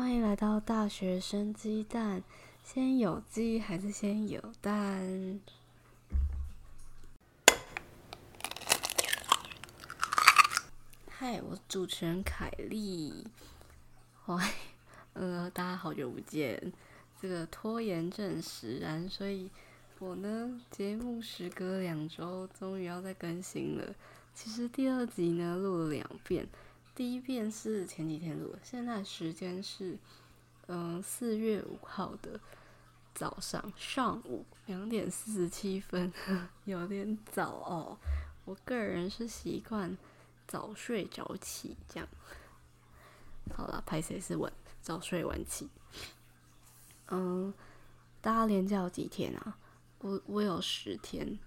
歡迎來到大學生雞蛋，先有雞還是先有蛋？嗨，我主持人凱莉。嗨，呃，大家好久不見。這個拖延症，使然，所以我呢，節目時隔兩周，終於要再更新了。其實第二集呢，錄了兩遍。第一遍，是前幾天錄，現在時間是，嗯、呃，四月五號的早上上午兩點四十七分，呵呵，有點早哦。我個人是習慣早睡早起這樣。好了，抱歉，是晚，早睡晚起。嗯、呃，大家連假有幾天啊？我我有十天，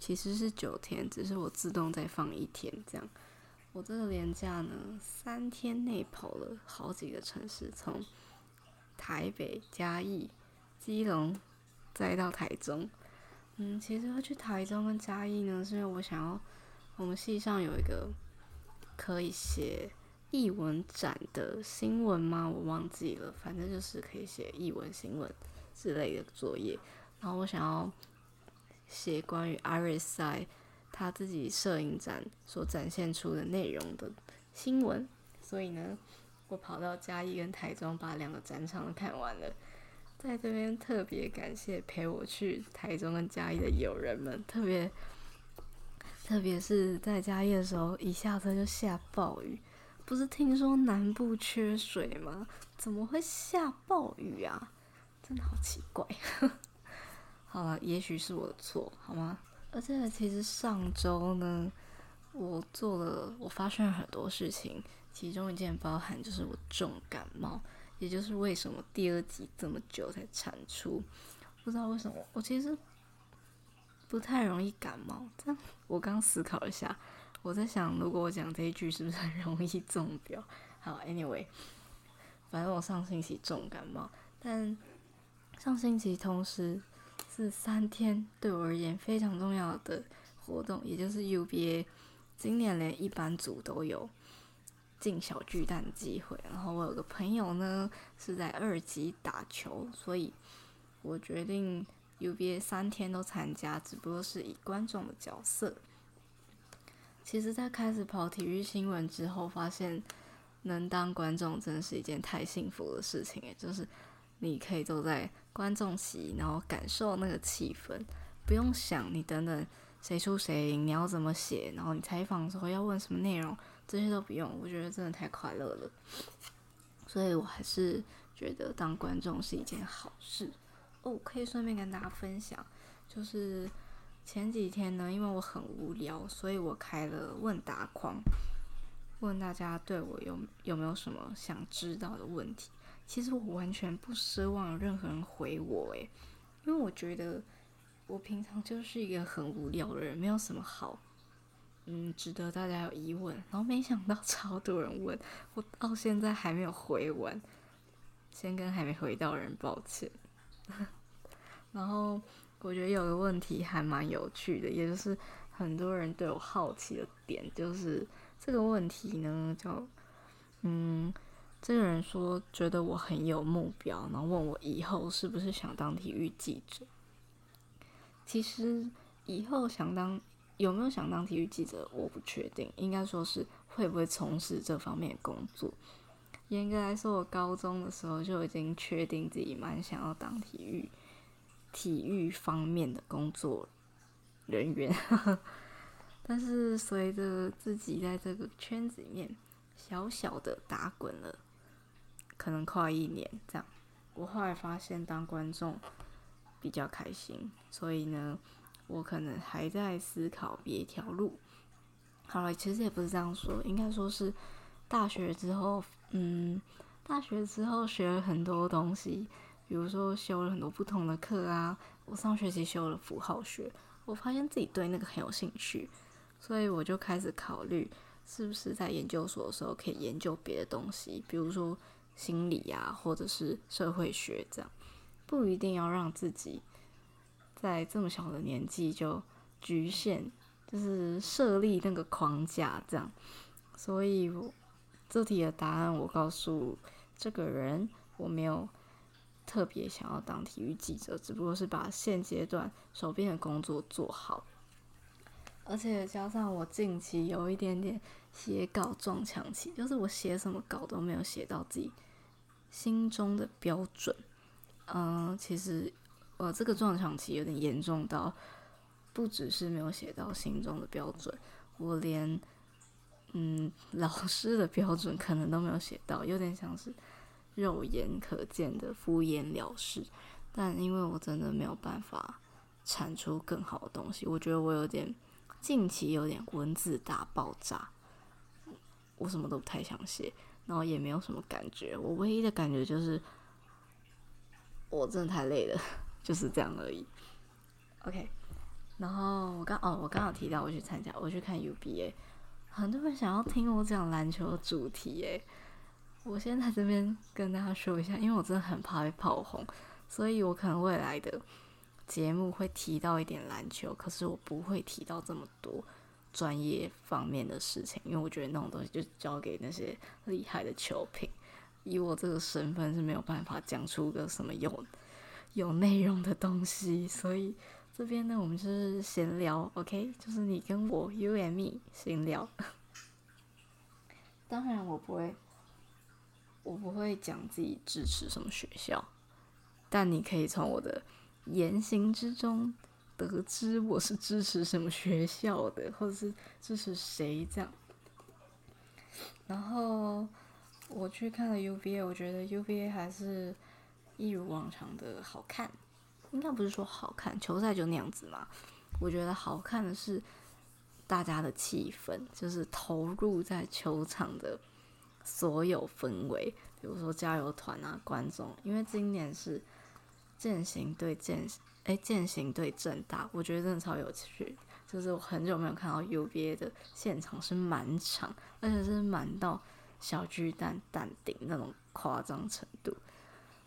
其實是九天，只是我自動再放一天這樣。我這個連假呢，三天內跑了好幾個城市，從台北、嘉義、基隆，再到台中。嗯，其實要去台中跟嘉義呢，是因為我想要我們系上有一個可以寫藝文展的新聞嗎？我忘記了，反正就是可以寫藝文新聞之類的作業。然後我想要寫關於阿瑞賽。他自己攝影展所展現出的內容的新聞，所以呢，我跑到嘉義跟台中把兩個展場都看完了。在這邊特別感謝陪我去台中跟嘉義的友人們，特別特別是在嘉義的時候，一下車就下暴雨，不是聽說南部缺水嗎？怎麼會下暴雨啊？真的好奇怪。 好了，也許是我的錯，好嗎？而且其實上周呢，我做了，我發現很多事情，其中一件包含就是我重感冒，也就是為什麼第二集這麼久才產出，不知道為什麼，我其實不太容易感冒。但我剛思考一下，我在想，如果我講這一句，是不是很容易中標？好，anyway，反正我上星期重感冒，但上星期同時，是三天對我而言非常重要的活動，也就是 UBA，今年連一般組都有進小巨蛋的機會。然後我有個朋友呢是在二級打球，所以我決定 UBA 三天都參加，只不過是以觀眾的角色。其實，在開始跑體育新聞之後，發現能當觀眾真的是一件太幸福的事情，也就是。你可以坐在觀眾席，然後感受那個氣氛，不用想你等等誰輸誰贏，你要怎麼寫，然後你採訪的時候要問什麼內容，這些都不用。我覺得真的太快樂了，所以我還是覺得當觀眾是一件好事哦。可以順便跟大家分享，就是前幾天呢，因為我很無聊，所以我開了問答框，問大家對我有有沒有什麼想知道的問題。其實我完全不奢望任何人回我誒，因為我覺得我平常就是一個很無聊的人，沒有什麼好嗯值得大家有疑問。然後沒想到超多人問我，到現在還沒有回完，先跟還沒回到人抱歉。 然後我覺得有個問題還蠻有趣的，也就是很多人對我好奇的點，就是這個問題呢叫嗯。這個人說：“覺得我很有目標，然後問我以後是不是想當體育記者？其實以後想當有沒有想當體育記者，我不確定。應該說是會不會從事這方面的工作。嚴格來說，我高中的時候就已經確定自己蠻想要當體育體育方面的工作人員，呵呵。但是隨着自己在這個圈子裡面小小的打滾了。”可能快一年這樣，我後來發現當觀眾比較開心，所以呢，我可能還在思考別一條路。好了，其實也不是這樣說，應該說是大學之後，嗯，大學之後學了很多東西，比如說修了很多不同的課啊。我上學期修了符號學，我發現自己對那個很有興趣，所以我就開始考慮是不是在研究所的時候可以研究別的東西，比如說。心理呀、啊，或者是社會學這樣，不一定要讓自己在這麼小的年紀就局限，就是設立那個框架這樣。所以我，這題的答案我告訴這個人，我沒有特別想要當體育記者，只不過是把現階段手邊的工作做好。而且加上我近期有一點點寫稿撞牆期，就是我寫什麼稿都沒有寫到自己。心中的標準，嗯，其實我這個撞牆期有點嚴重到，不只是沒有寫到心中的標準，我連，嗯，老師的標準可能都沒有寫到，有點像是肉眼可見的敷衍了事。但因為我真的沒有辦法產出更好的東西，我覺得我有點近期有點文字大爆炸，我什麼都不太想寫。然後也沒有什麼感覺，我唯一的感覺就是，我真的太累了，就是這樣而已。OK，然後我剛哦，我剛好提到我去參加，我去看 UBA，很多人想要聽我講籃球的主題誒，我先在這邊跟大家說一下，因為我真的很怕被炮轟，所以我可能未來的節目會提到一點籃球，可是我不會提到這麼多。專業方面的事情，因為我覺得那種東西就交給那些厲害的球評。以我這個身份是沒有辦法講出個什麼有有內容的東西，所以這邊呢，我們就是閒聊，OK？就是你跟我 You and me 閒聊。當然，我不會，我不會講自己支持什麼學校，但你可以從我的言行之中，得知我是支持什麼學校的，或者是支持誰這樣，然後我去看了 UVA，我覺得 UVA 還是一如往常的好看，應該不是說好看，球賽就那樣子嘛。我覺得好看的是大家的氣氛，就是投入在球場的所有氛圍，比如說加油團啊、觀眾，因為今年是踐行對踐行。誒，健行對政大，我覺得真的超有趣。就是我很久沒有看到 U B A 的現場是滿場，而且是滿到小巨蛋頂那種誇張程度，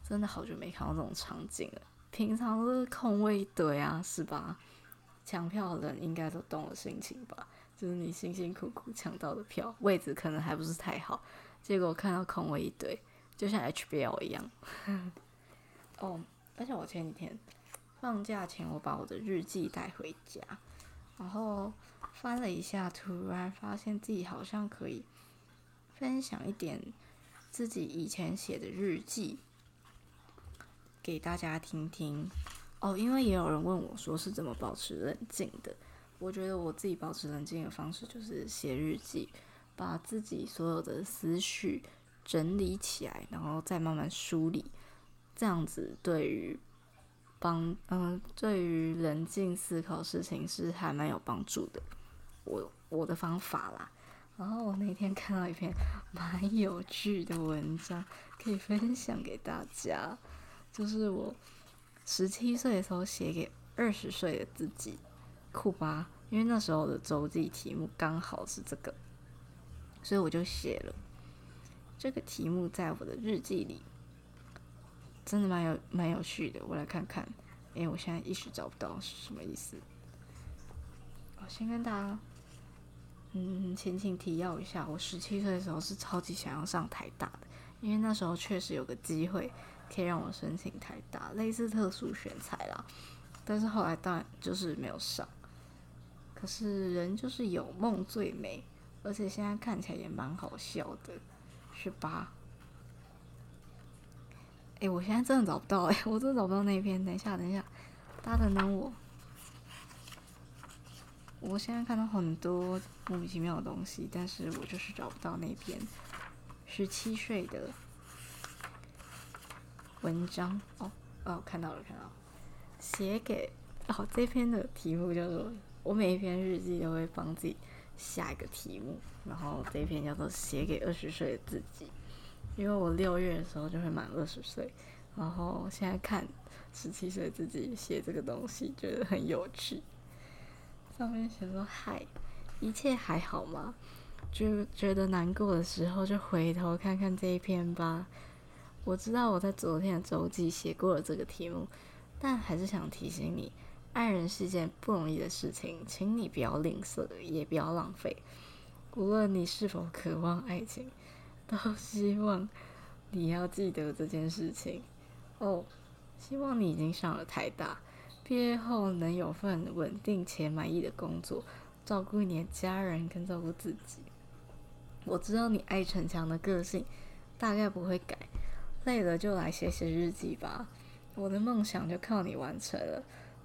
真的好久沒看到這種場景了。平常都是空位一堆啊，是吧？搶票的人應該都動了心情吧？就是你辛辛苦苦搶到的票，位置可能還不是太好，結果看到空位一堆，就像 H B L 一樣。 哦，而且我前幾天。放假前我把我的日記帶回家，然後翻了一下，突然發現自己好像可以分享一點自己以前寫的日記給大家聽聽。哦，因為也有人問我說是怎麼保持冷靜的，我覺得我自己保持冷靜的方式就是寫日記，把自己所有的思緒整理起來，然後再慢慢梳理，這樣子對於。幫嗯，對於冷靜思考事情是還蠻有幫助的。我，我的方法啦。然後我那天看到一篇蠻有趣的文章，可以分享給大家，就是我十七歲的時候寫給二十歲的自己，酷吧？因為那時候的週記題目剛好是這個，所以我就寫了這個題目在我的日記裡。真的蠻有蠻有趣的，我來看看。因為我現在一時找不到是什麼意思。我先跟大家，嗯，前情提要一下，我十七歲的時候是超級想要上台大的，因為那時候確實有個機會可以讓我申請台大，類似特殊選才啦。但是後來當然就是沒有上。可是人就是有夢最美，而且現在看起來也蠻好笑的，是吧？哎、欸，我現在真的找不到哎、欸，我真的找不到那篇。等一下，等一下，大家等等我。我現在看到很多莫名其妙的東西，但是我就是找不到那篇十七歲的文章。哦哦，看到了，看到了，寫給……哦，這篇的題目叫做“我每一篇日記都會幫自己下一個題目”，然後這一篇叫做“寫給二十歲的自己”。因為我六月的時候就會滿二十歲，然後現在看十七歲自己寫這個東西，覺得很有趣。上面寫着說：“嗨，一切還好嗎？”就覺得難過的時候，就回頭看看這一篇吧。我知道我在昨天的週記寫過了這個題目，但還是想提醒你，愛人是件不容易的事情，請你不要吝嗇，也不要浪費，無論你是否渴望愛情。都希望你要記得這件事情哦。Oh, 希望你已經上了台大，畢業後能有份穩定且滿意的工作，照顧你的家人跟照顧自己。我知道你愛逞強的個性，大概不會改。累了就來寫寫日記吧。我的夢想就靠你完成了，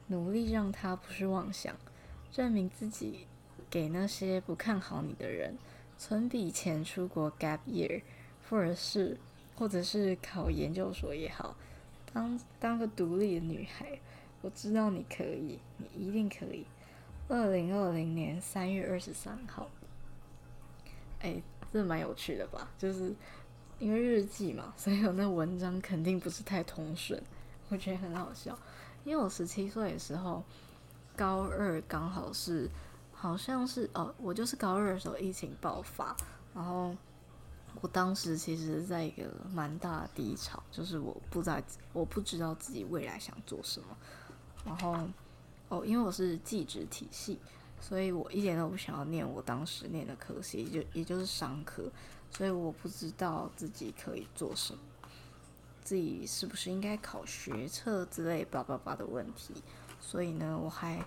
努力讓它不是妄想，證明自己，給那些不看好你的人。存筆錢出國 gap year，或者是或者是考研究所也好，當當個獨立的女孩，我知道你可以，你一定可以。二零二零年三月二十三號。哎，這蠻有趣的吧？就是因為日記嘛，所以有那文章肯定不是太通順，我覺得很好笑。因為我十七歲的時候，高二剛好是。好像是哦，我就是高二的時候疫情爆發，然後我當時其實在一個蠻大的低潮，就是我不知道，我不知道自己未來想做什麼，然後哦，因為我是技職體系，所以我一點都不想要念我當時念的科系，就也就是商科，所以我不知道自己可以做什麼，自己是不是應該考學測之類叭叭叭的問題，所以呢，我還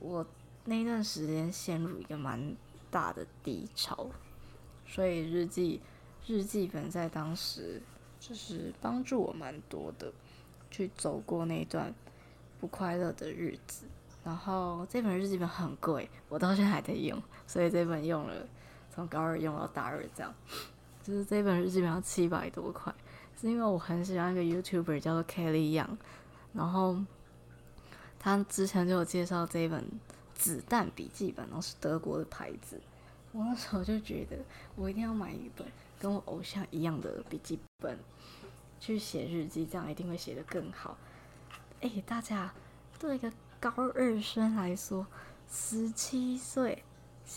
我。那段時間陷入一個蠻大的低潮，所以日記日記本在當時就是幫助我蠻多的，去走過那一段不快樂的日子。然後這本日記本很貴，我到現在還在用，所以這本用了從高二用到大二這樣，就是這本日記本要七百多塊，是因為我很喜歡一個 YouTuber 叫做 Kelly Yang，然後他之前就有介紹這本。子彈筆記本，哦，然後是德國的牌子。我那時候就覺得，我一定要買一本跟我偶像一樣的筆記本，去寫日記，這樣一定會寫得更好。誒、欸，大家對一個高二生來說，十七歲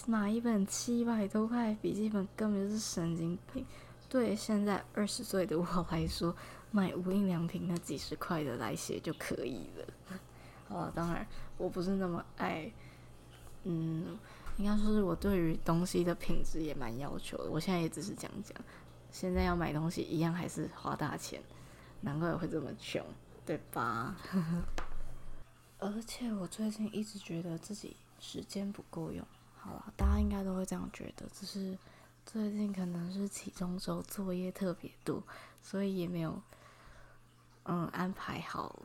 買一本七百多塊筆記本，根本就是神經病。對現在二十歲的我來說，買無印良品那幾十塊的來寫就可以了。好啊，當然，我不是那麼愛。嗯，應該說是我對於東西的品質也蠻要求的。我現在也只是講講，現在要買東西一樣還是花大錢，難怪我會這麼窮，對吧？ 而且我最近一直覺得自己時間不夠用。好了，大家應該都會這樣覺得，只是最近可能是期中週作業特別多，所以也沒有嗯安排好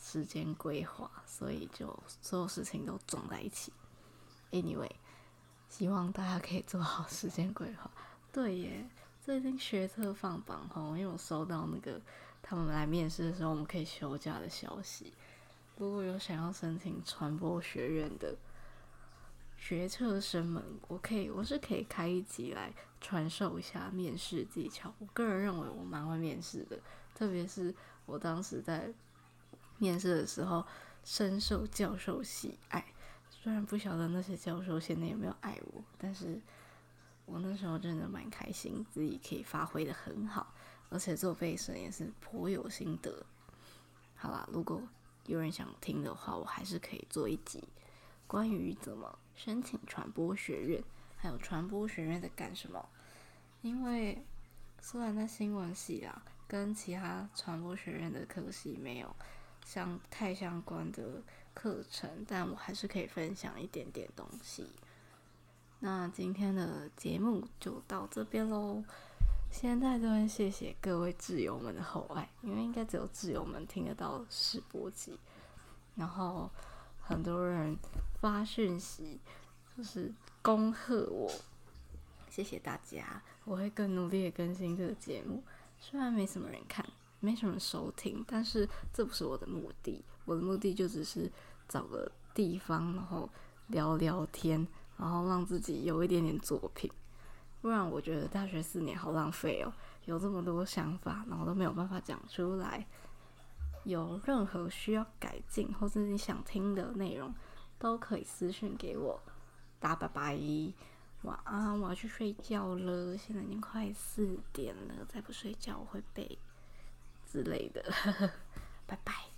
時間規劃，所以就所有事情都撞在一起。Anyway，希望大家可以做好時間規劃。 對耶，最近學測放榜哈，因為我收到那個他們來面試的時候，我們可以休假的消息。如果有想要申請傳播學院的學測生們，我可以我是可以開一集來傳授一下面試技巧。我個人認為我蠻會面試的，特別是我當時在面試的時候，深受教授喜愛。雖然不曉得那些教授現在有沒有愛我，但是我那時候真的蠻開心，自己可以發揮得很好，而且做備審也是頗有心得。好啦，如果有人想聽的話，我還是可以做一集關於怎麼申請傳播學院，還有傳播學院在幹什麼。因為雖然那新聞系啊，跟其他傳播學院的科系沒有相太相關的課程，但我還是可以分享一點點東西。那今天的節目就到這邊嘍。先在這邊謝謝各位摯友們的厚愛，因為應該只有摯友們聽得到試播集，然後很多人發訊息，就是恭賀我，謝謝大家，我會更努力的更新這個節目，雖然沒什麼人看。沒什麼收聽，但是這不是我的目的，我的目的就只是找個地方，然後聊聊天，然後讓自己有一點點作品。不然我覺得大學四年好浪費哦，有這麼多想法，然後都沒有辦法講出來。有任何需要改進或者你想聽的內容，都可以私訊給我。大家拜拜，晚安，我要去睡覺了，現在已經快四點了，再不睡覺我會被。之類的，呵呵，拜拜。